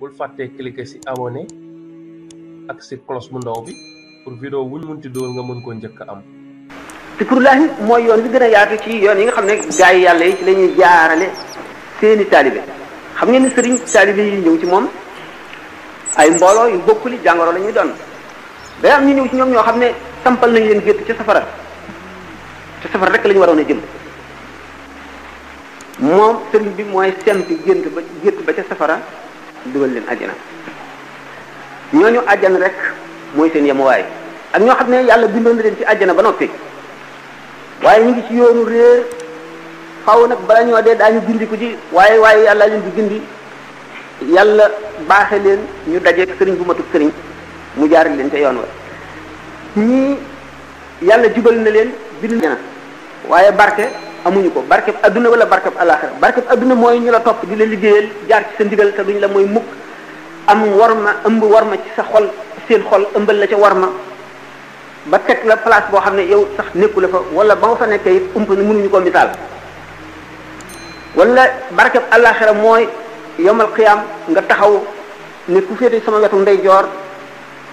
bul fàttee cliquer ci abonné ak ci cloche bu ndaw bi pour vidéo wuñ munti dool nga mën koo njëkk a am zikrulaahi mooy yoon bi gën a yaatu ci yoon yi nga xam ne gaa yi yàlla yi ci la ñuy jaarale seeni taalibe xam ngeen ni sëriñ taalibe yi ñëw ci moom ay mbooloo yu bokkuli jàngoro lañuy ñuy doon day am ñu ñëw ci ñoom ñoo xam ne sampal nañ leen gétt ci safara te safara rek la waroon a jëm moom sëriñ bi mooy sempi gént ba gétt ba ca safara dugal leen àjjana ñooñu àjjana rek mooy seen yemuwaay ak ñoo xam ne yàlla bindoon na leen ci àjjana ba noppi waaye ñu ngi ci yoonu réer faw nag bala ñoo dee daañu gindi ko ci waaye waaye yàlla leen di gindi yàlla baaxe leen ñu dajeeg sëriñ bu matuk sëriñ mu jaar leen ca yoon wa ñii yàlla jubal na leen bind na waaye barke amuñu ko barke aduna wala barke alakhir barke aduna moy ñu la top di la liggéeyal jaar ci sa ndigal te duñ la moy mukk am warma ëmb warma ci sa xol seen xol ëmbal la ca warma ba tek la place boo xam ne yow sax nekku la fa wala ba nga fa nekkee it ëmb ni mënuñu ko misaal wala barke alakhir mooy yomal qiyam nga taxaw ne ku fete sama wetu ndeyjoor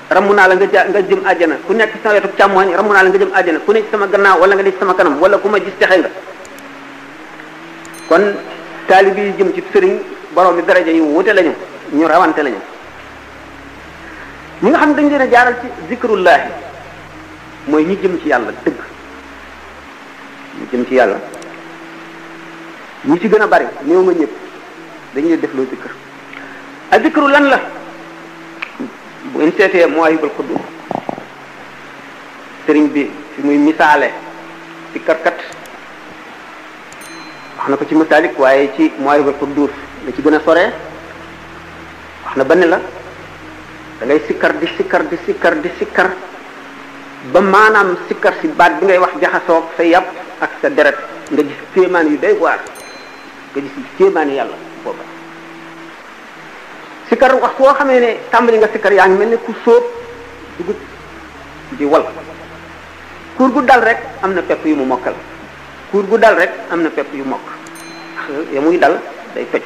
ramu naa la nga nga jëm aljana ku nekk sama wetu chamoy ramu la nga jëm aljana ku nekk sama gannaaw wala nga nekk sama kanam wala kuma gis texe nga kon taalib yi jëm ci sëriñ borom bi daraja yu wute lañu ñu rawante lañu ñi nga xam dañ leen a jaaral ci zikrullahi mooy ñu jëm ci yàlla dëgg ñi jëm ci yàlla ñi ci gën a bari néew ma ñëpp dañ leen def loo zikr a zikru lan la bu ñu seetee Mawahibul Quddus sëriñ bi fi muy misaale ci karkat wax na ko ci masaalik waaye ci Mawaahibul Quddus la ci gën a soree wax na ba ne la da ngay sikkar di sikkar di sikkar di ba maanaam sikkar si baat bi ngay wax jaxasoog sa yàpp ak sa deret nga gis kéemaan yu day waar nga gis kéemaan yàlla sikkar wax koo xamee ne tàmbali nga sikkar yaa ngi mel ne ku sóob dugub di wal kuur gu dal rek am na pepp yu mu mokkal kuur gu dal rek am na pepp yu mokk ya dal day toj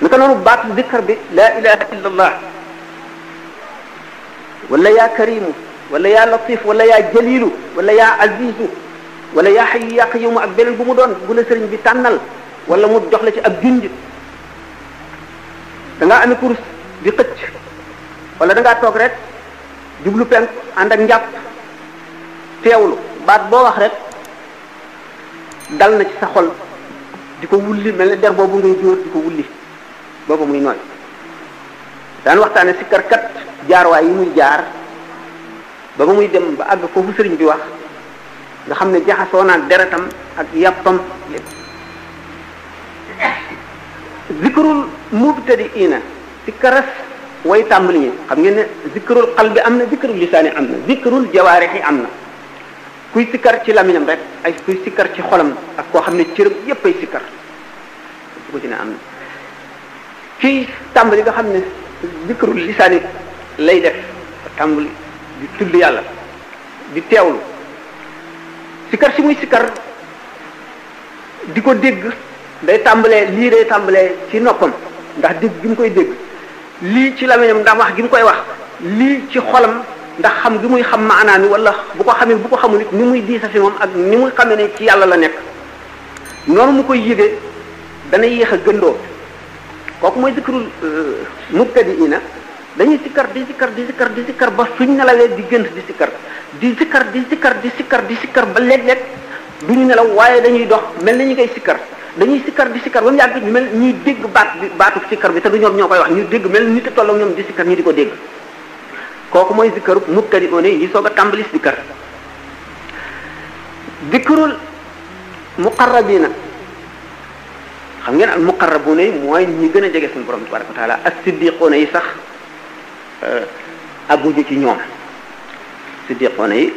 naka noonu baatu dikkar bi laa ilaha illa allah wala yaa karimu wala yaa latif wala yaa jalilu wala yaa azizu wala yaa xayu yaa qayumu ak beneen bu mu doon bu la sëriñ bi tànnal wala mu jox la ci ab junj danga ngaa amee kurus di xëcc wala da toog rek jublu penk ànd ak njàpp teewlu baat boo wax rek dal na ci sa xol di ko wulli mel ne der boobu ngay jóor di ko wulli booba muy nooy daan waxtaane sikkarkat jaarwaay yi muy jaar ba ba muy dem ba àgg foofu sëriñ bi wax nga xam ne jaxasoo naa deretam ak yàppam lépp zikrul mubtadi ina sikkaras way tàmbali ñi xam ngeen ne zikrul qalbi am na zikrul lisaani am na zikrul jawaarixi am na kuy sikkar ci lamiñam rek ay kuy sikkar ci xolam ak koo xam ne cëram yépp ay sikkar bu ci ne am na kii tàmbali nga xam ne zikru lisaani lay def tàmbali di tudd yàlla di teewlu sikkar si muy sikkar di ko dégg day tàmbalee lii day tàmbalee ci noppam ndax dégg gi mu koy dégg lii ci lamiñam ndax wax gi mu koy wax lii ci xolam ndax xam gi muy xam ma maanaa mi walla bu ko xamee bu ko xamul nit ni muy diisa fi moom ak ni muy xamee ne ci yàlla la nekk noonu mu koy yëgee dana yéex a gëndoo kooku mooy zikrul euh, mubtadiina dañuy sikkar di sikkar di sikkar di sikkar ba suñ nelawee di gënt di sikkar di sikkar di sikkar di sikkar di sikkar ba léeg-léeg duñu nelaw waaye dañuy dox mel na ñu koy sikkar dañuy sikkar di sikkar ba mu yàgg ñu mel ñuy dégg baat bi baatu sikkar bi te du ñoom ñoo koy wax ñu dégg mel ni te tolloo ñoom di sikkar ñu di ko dégg kooku mooy zikkarub mubtadi one yi soog a tàmbali zikkar zikkarul muqarrabina xam ngeen al muqarrabuna yi mooy ñi gën a jege suñu borom tabaraka wa ak siddiqoona yi sax euh, agguñu ci ñoom siddiqoona yi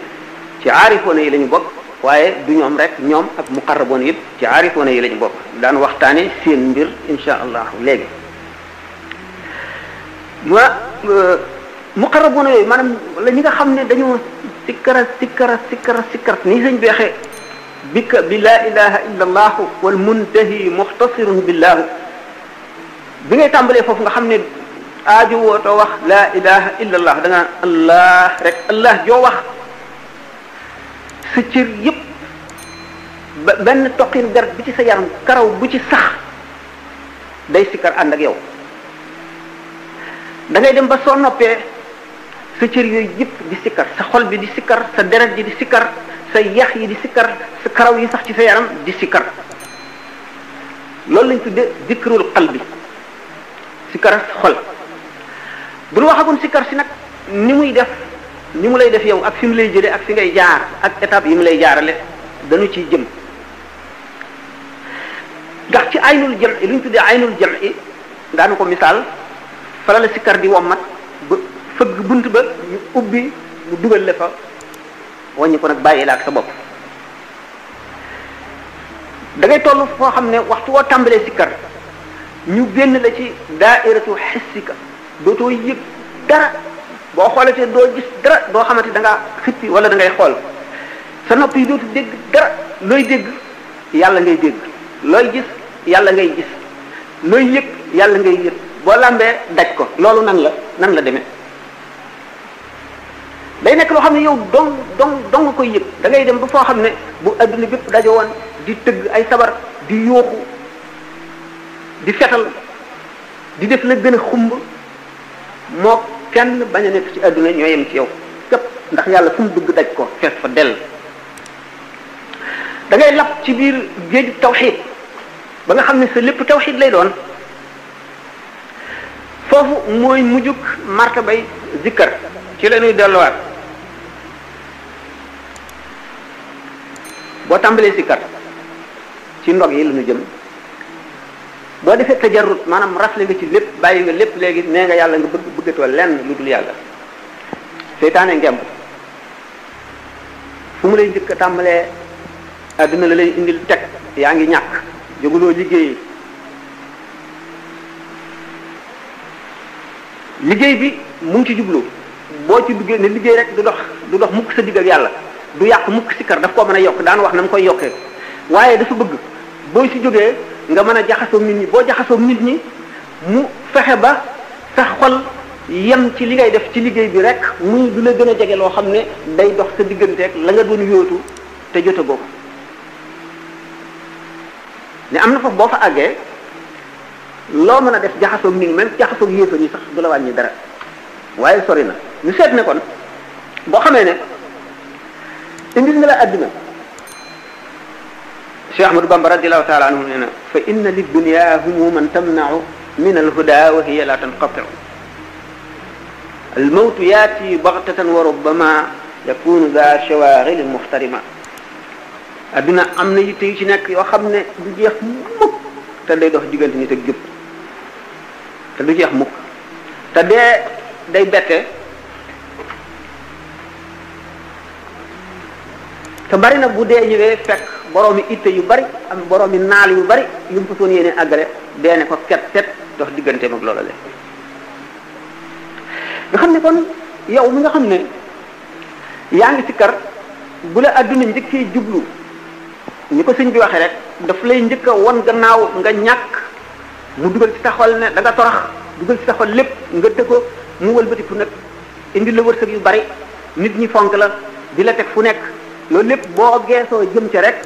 ci aarifoona yi lañu ñu bokk waaye du ñoom rek ñoom ak muqarraboon yëpp ci aarifoona yi la ñu bokk daan waxtaane seen mbir insha allah léegi ma muqarrabuna yoy manam la ñi nga xam dañu sikara sikara sikara sikara ni señ bi xé bika bi la ilaha illa allah wal muntahi muhtasirun billah bi ngay tambalé fofu nga xamne aaju wootoo wax la ilaha illa allah da nga allah rek allah jo wax sa cër yep ben toqin gar bi ci sa yaram karaw bu ci sax day sikar and ak yow da ngay dem ba so noppé sa cër yooyu yëpp di sikkar sa xol bi di sikkar sa deret ji di sikkar sa yax yi di sikkar sa karaw yi sax ci sa yaram di sikkar loolu lañ dikkarul xal bi sikkar sa xol bu nu waxagun sikkar si nag ni muy def ni mu lay def yow ak fi mu lay jële ak fi ngay jaar ak étape yi mu lay jaarale dañu ciy jëm ndax ci aynul jam'i lu ñu tuddee aynul jam'i daanu ko misaal fala la sikkar di wommat bunt ba ñu ubbi mu dugal la fa wàññi ko nag bàyyi laa ak sa bopp dangay ngay toll foo xam ne waxtu woo tàmbalee sikkar ñu génn la ci daairatu xissika dootoo yëg dara boo xoolatee doo gis dara doo xamante da ngaa xippi wala da ngay xool sa nopp yi dootu dégg dara looy dégg yàlla ngay dégg looy gis yàlla ngay gis looy yëg yàlla ngay yëg boo làmbee daj ko loolu nan la nan la demee day nekk loo xam ne yow dong dong dong koy yëg da ngay dem ba foo xam ne bu adduna bépp daje woon di tëgg ay sabar di yooxu di fetal di def na gën a xumb moo kenn bañ a nekk ci adduna ñoo yem ci yow képp ndax yàlla fu dugg daj ko fees fa dell da lapp ci biir géej tawxid ba nga xam ne sa lépp tawxid lay doon foofu mooy mujjug bay zikkar ci la ñuy delluwaat boo tàmbalee sikkar ci ndog yi la jëm boo defee tajarrut maanaam rafle nga ci lépp bàyyi nga lépp léegi nee nga yàlla nga bëgg bëggatoo lenn lu dul yàlla seytaane ngemb fu mu lay njëkk a tàmbalee àdduna la lay indil teg yaa ngi ñàkk jóguloo liggéey liggéey bi mu ci jublu boo ci duggee ne liggéey rek du dox du dox mukk sa digg yàlla du yàq mukk si kar daf koo mën a yokk daan wax na mu koy yokkee waaye dafa bëgg boo si jógee nga mën a jaxasoog nit ñi boo jaxasoog nit ñi mu fexe ba sa xol yem ci li ngay def ci liggéey bi rek muy du la gën a jege loo xam ne day dox sa digganteeg la nga doon yootu te jote boobu ne am na foofu boo fa àggee loo mën a def jaxasoog nit ñi même jaxasoog yéefar yi sax du la wàññi dara waaye sori na ñu seet ne kon boo xamee ne indil na la àddina Cheikh Ahmadou Bamba radiallahu taala anhu nee na fa inna li dunia humuman tamnau min alhuda wa hiya la tanqatiu الموت ياتي بغتة وربما يكون ذا شواغل محترمة أدنى أمن يتي شي نك يو خامن دو جيخ موك تا داي دوخ ديغنت نيت ak jub تا دو جيخ موك تا داي داي بيتي te bari na bu dee ñëwee fekk boroomi itte yu bari am boroomi naal yu bari yu mu fasoon yéene àggale dee ne ko ket ket dox digganteem ak loola le nga xam ne kon yow mi nga xam ne yaa ngi sikkar bu la adduna njëkkee jublu ni ko sëñ bi waxee rek daf lay njëkk a won gannaaw nga ñàkk mu dugal ci taxol ne da nga torax dugal ci taxol lépp nga dëggoo mu wëlbatiku nag indi la wërsëg yu bari nit ñi fonk la di la teg fu nekk loolu lépp boo geesoo jëm ca rek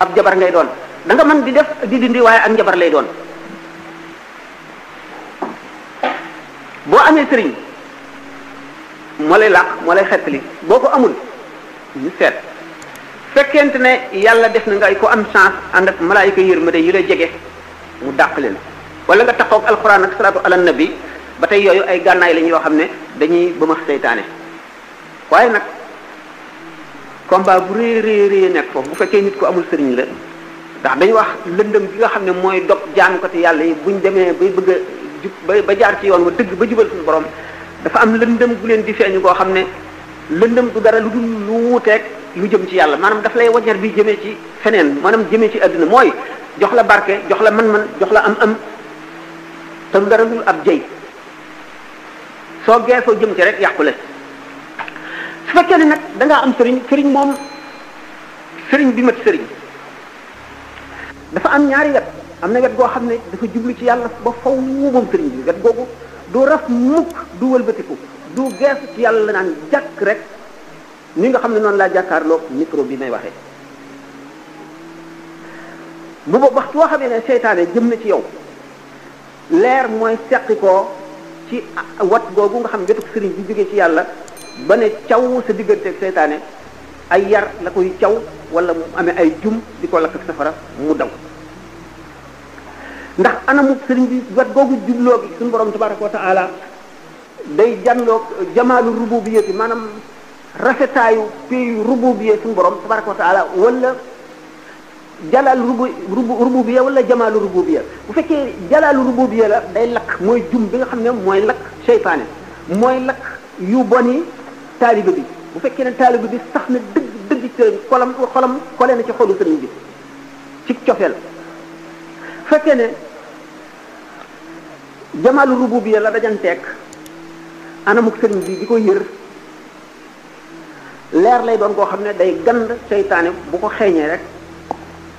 ab jabar ngay doon da nga mën di def di dindi waaye ak njabar lay doon boo amee sëriñ moo lay làq moo lay xettali boo ko amul ñu seet fekkente ne yàlla def na nga ko am chance ànd ak malaayika yërmande yu lay jege mu dàq leen wala nga taxaw ak alxuraan ak salaatu ala nabi ba tey yooyu ay gànnaay lañ yoo xam ne dañuy ba ma seytaane waaye nag combat bu rëy rëy rëy nekk foofu bu fekkee nit ko amul sëriñ la ndax dañu wax lëndëm gi nga xam ne mooy dog jaamukati yàlla yi buñ demee bay bëgg a jub ba jaar ci yoon wa dëgg ba jubal suñu borom dafa am lëndëm gu leen di feeñu koo xam ne lëndëm du dara lu dul lu wuuteeg lu jëm ci yàlla maanaam daf lay wañar bi jëmee ci feneen maanaam jëmee ci àdduna mooy jox la barke jox la man-man jox la am am te du dara lu ab jëy soo geesoo jëm ci rek yàqule fekkee ne nag danga am sëriñ sëriñ moom sëriñ bi mat sëriñ dafa am ñaari wet am na wet goo xam ne dafa jublu ci yàlla ba faw moom sëriñ bi wet googu du raf mukk du wëlbatiku du geesu ci yàlla naan jàkk rek ni nga xam ne noonu laa jàkkaarloog mikro bi may waxee bu ba waxtu boo xamee ne seytaane jëm na ci yow leer mooy seqi ko ci wat googu nga xam ne wetuk sëriñ bi jógee ci yàlla ba ne caw sa digganteeg seytaane ay yar la koy caw wala mu amee ay jum di ko lakk ak safara mu daw ndax anamu sëriñ bi wet googu jubloo gi suñu borom tabaraka wa taala day janloog jamaalu rububiyati maanaam rafetaayu pays rububiya suñu borom tabaraka wa taala wala jalaal rubu rububiya jamaalu rububiya bu fekkee jalaalu rububiya la day lakk mooy jum bi nga xam ne mooy lakk seytaane mooy lakk yu bon yi taalibe bi bu fekkee ne taalibe bi sax na dëgg dëgg ci xolam xolam xole na ci xolu sëriñ bi ci cofeel fekkee ne jamaalu rububiya la dajanteeg anamuk sëriñ bi di ko yër leer lay doon koo xam ne day gand seytaane bu ko xeeñee rek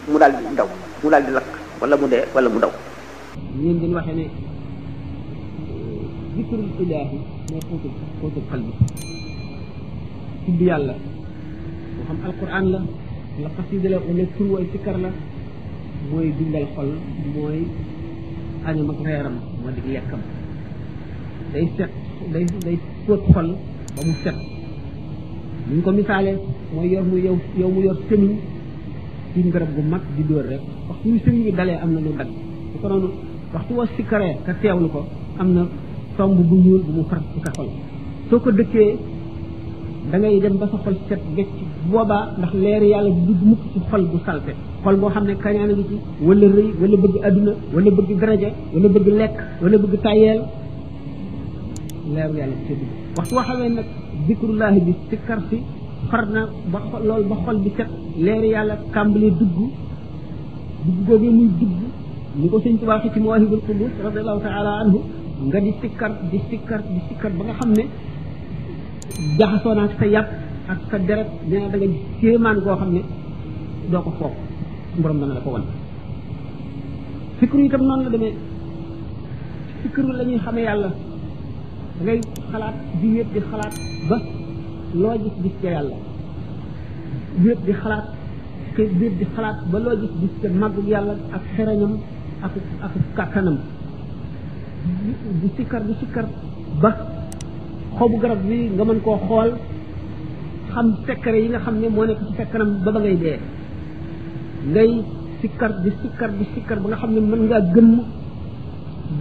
mu daal di daw mu daal di lakk wala mu dee wala mu daw ñun dañ waxee ne zikrul ilaahi mooy xóotul xal bi tudd yàlla moo xam alquran la la xasida la wala tur way sikkar la mooy dundal xol mooy añam ak reeram moo di lekkam day set day day fóot xol ba mu set ni ko misaale mooy yor mu yow yow mu yor sëmiñ ci ngarab gu mag di dóor rek waxtu ñu sëmiñ bi dalee am na lu dagg bu ko noonu waxtu wa sikkaree ka teewlu ko am na tomb bu ñuul bu mu far ci sa xol soo ko dëkkee dangay dem ba sa xol set gecc boobaa ndax leer yàlla du dugg mukk ci xol bu salte xol boo xam ne kañaan a ngi ci wala rëy wala bëgg adduna wala bëgg daraja wala bëgg lekk wala bëgg tayeel leeru yàlla ci dugg waxtu waxawee nag zikrullahi bi sikkar si na ba loolu bi set leer yàlla kàmbale dugg dugg googee muy dugg ni ko sëñ Tuubaa ci Mawaahibul Quddus radiyallahu taala anhu nga di sikkar di sikkar di ba nga xam ne jaxasoo naa sa yàpp ak sa deret dina da nga kéemaan goo xam ne ko foog borom dana la ko won fikru itam non la demee fikru la xamé yalla da ngay xalaat di wéet di xalaat ba lo gis gis ci yalla wéet di xalaat ke wéet di xalaat ba lo gis gis ci màggug yalla ak xerañam ak ak kàttanam di sikkar di sikkar ba xobu garab bi nga mën koo xool xam secret yi nga xam ne moo nekk ci sa kanam ba ba ngay dee ngay sikkar di sikkar bi sikkar ba nga xam ne mën ngaa gëmm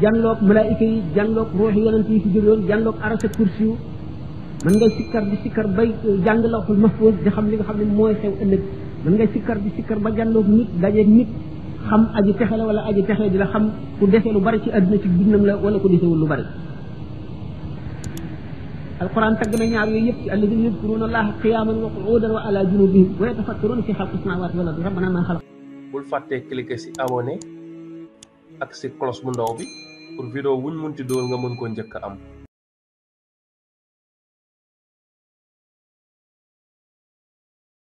jànloog malaayika yi jànloog ruuxi yonent yi fi jógewoon jànloog arasa kursi yu mën nga sikkar di sikkar bay jàng lawxul mahfuus nga xam li nga xam ne mooy xew ëllëg mën nga sikkar di sikkar ba jànloog nit daje nit xam aji texe la wala aji texe di la xam ku dese lu bari ci àdduna ci dundam la wala ku desewul lu bari alquran tagg na ñaar yooyu yëpp ci alladina yadkuruna allaha qiyaman wa qu'udan wa ala junubihim wa yatafakkaruna fi xalqi samawati wal ardi rabbana ma xalaq bul fàttee cliquer si abonné ak si cloche bu ndaw bi pour vidéo wuñ munti dool nga mën koo njëkk am